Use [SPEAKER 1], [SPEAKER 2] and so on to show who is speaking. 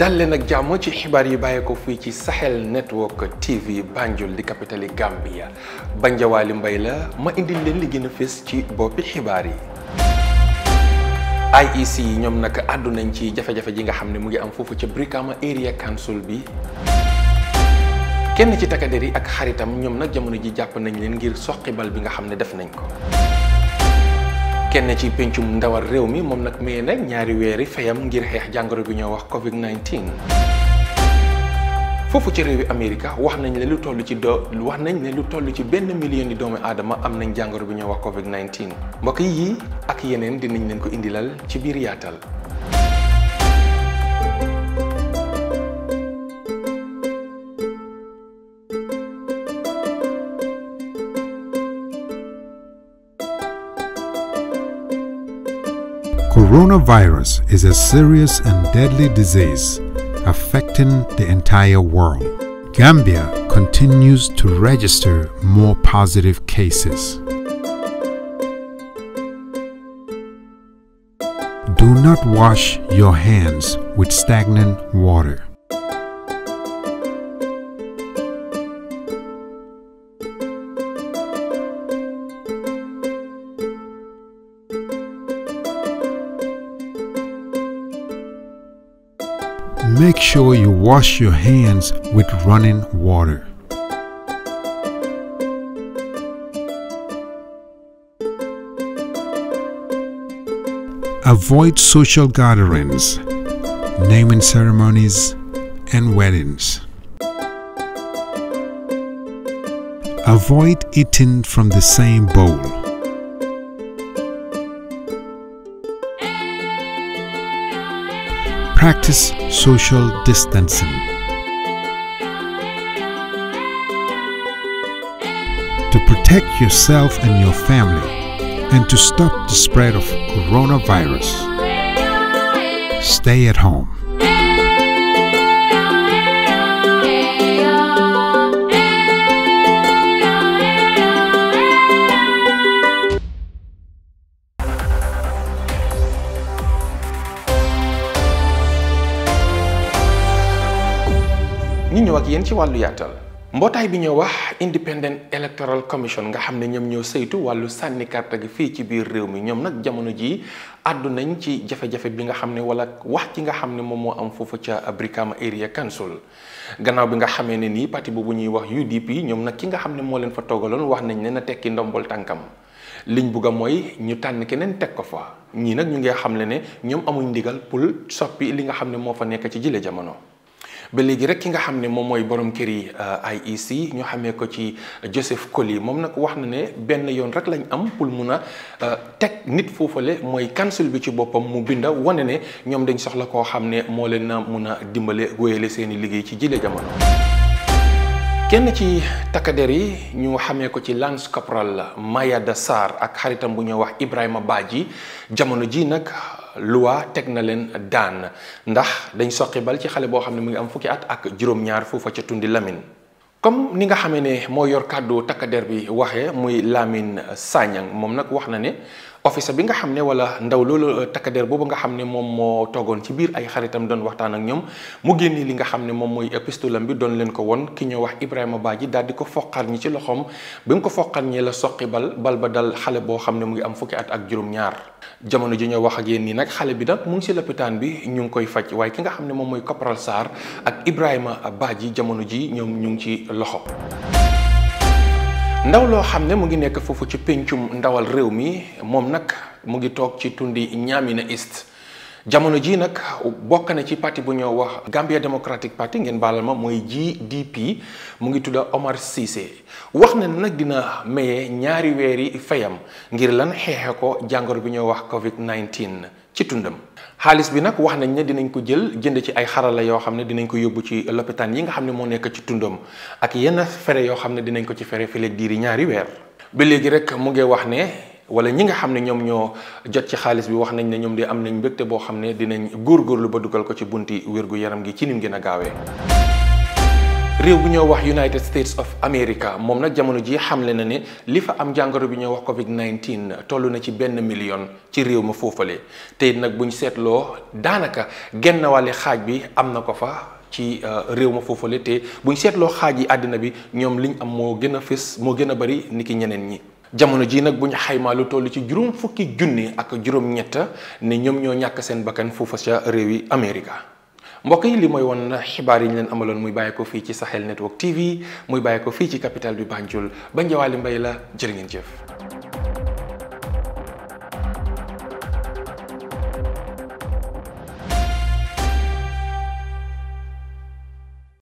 [SPEAKER 1] dal leen ak jàmm ci xibaar yi bàyyi ko fii ci Sahel Network TV Banjul di capitali Gambia Banjawaali Mbay la ma indi leen li gën a ci boppi xibaar yi IEC ñoom nag àddu nañ ci jafe-jafe ji nga xam ne mu ngi am foofu ca Brikama Area Council bi kenn ci takkader yi ak xaritam ñoom nag jamono ji jàpp nañ leen ngir soqi bal bi nga xam ne def nañ ko kenn ci pencum ndawal réew mi moom nag maye nag ñaari weeri fayam ngir xeex jàngoro bi ñoo wax Covid 19. foofu ci réewi Amerika wax nañ ne lu toll ci do wax nañ ne lu toll ci benn million yi doomi aadama am nañ jàngoro bi ñoo wax Covid 19 mbokk yi ak yeneen dinañ leen ko indilal ci biir yaatal.
[SPEAKER 2] Coronavirus is a serious and deadly disease affecting the entire world. Gambia continues to register more positive cases. Do not wash your hands with stagnant water. Make sure you wash your hands with running water. Avoid social gatherings, naming ceremonies, and weddings. Avoid eating from the same bowl. practice social distancing. To protect yourself and your family and to stop the spread of coronavirus, stay at home.
[SPEAKER 1] ñu ñëw ak yéen ci wàllu yaatal mbootaay bi ñoo wax independent electoral commission nga xam ne ñoom ñoo saytu wàllu sànni carte gi fii ci biir réew mi ñoom nag jamono jii addu nañ ci jafe-jafe bi nga wala wax ci nga am foofu ca Brikama area council gannaaw bi nga xamee ne nii parti ñuy wax UDP ñoom nag ki nga xam ne leen fa wax nañ na tekki ndombol tànkam liñ bugga mooy ñu tànn keneen teg ko fa ñii nag ñu ngi xam ne ne ñoom amuñ ndigal pour soppi li nga xam ne fa nekk ci jile jamono ba léegi rek ki nga xam ne moom mooy borom kër yi euh, IEC ñu xamee ko ci Joseph Koli moom nag wax na ne benn yoon rek lañ am pour mun a euh, teg nit foofale mooy council bi ci boppam mu binda wane ne ñoom dañ soxla koo xam ne moo leen na mun a dimbale wéyale seeni liggéey ci jile jamono. kenn ci takkader yi ñu xamee ko ci lance corporal Mayada Sarr ak xaritam bu ñuy wax Ibrahima Badji jamono ji nag luwa teg na leen daan ndax dañ soqi bal ci xale boo xam ne mu ngi am fukki at ak juróom-ñaar foofa ca tundi Lamine comme ni nga xame ne moo yor kàddu takk der bi waxee muy Lamine Sagnang moom nag wax na ne officer bi nga xam ne wala ndaw loolu euh, takkadeer boobu nga xam ne moom moo toogoon ci biir ay xaritam doon waxtaan ak ñoom mu génne li nga xam ne moom mooy pistolam bi doon leen ko won ki ñoo wax Ibrahima Badji daal di ko foqar ñi ci loxoom bi mu ko foqar ñi la soqi bal bal ba dal xale boo xam ne mu ngi am fukki at ak juróom-ñaar jamono ji ñoo wax ak yéen nii nag xale bi nag mu ngi si lopitaan bi ñu ngi koy faj waaye ki nga xam ne moom mooy Corporal saar ak Ibrahima Badji jamono ji ñoom ñu ngi ci loxo ndaw loo xam ne mu ngi nekk foofu ci péncum ndawal réew mi moom nag mu ngi toog ci tundi Niamina East jamono ji nag bokk na ci parti bu ñoo wax Gambia Democratic Party ngeen baalal ma mooy jii GDP mu ngi tudda Omar Ceesay wax na nag dina maye ñaari weeri fayam ngir lan xeexe ko jàngoro bi ñoo wax covid 19 ci tundam xaalis bi nag wax nañ ne dinañ ko jël jënd ci ay xarala yoo xam ne dinañ ko yóbbu ci lopitaan yi nga xam ne moo nekk ci tundam ak yenn fere yoo xam ne dinañ ko ci fere fileeg diiri ñaari weer ba léegi rek mu ngi wax ne wala ñi nga xam ne ñoom ñoo jot ci xaalis bi wax nañ ne ñoom de am nañ mbégte boo xam ne dinañ góorgóorlu ba dugal ko ci bunt wér gu yaram gi ci nim gën a gaawee réew bi ñoo wax United States of America moom nag jamono ji xamle na ne li fa am jàngoro bi ñoo wax Covid 19 toll na ci benn million ci réew ma foofale te nag bu ñu seetloo daanaka genn wàlli xaaj bi am na ko fa. ci euh, réew ma foofale te buñ seetloo xaaj yi àddina bi ñoom liñ am moo gën a fës moo gën a bari ki ñeneen ñi jamono ji nag buñ ñu xaymaa lu toll ci juróom fukki junni ak juróom ñett ne ñoom ñoo ñàkk seen bakkan foofa ca réew yi Amérique mbokk yi li mooy woon xibaar yi ñu leen amaloon muy bàyyi ko fii ci Sahel Network TV muy bàyyi ko fii ci capitale bi Banjul ba Ndiawale mbay la jërë ngeen jëf.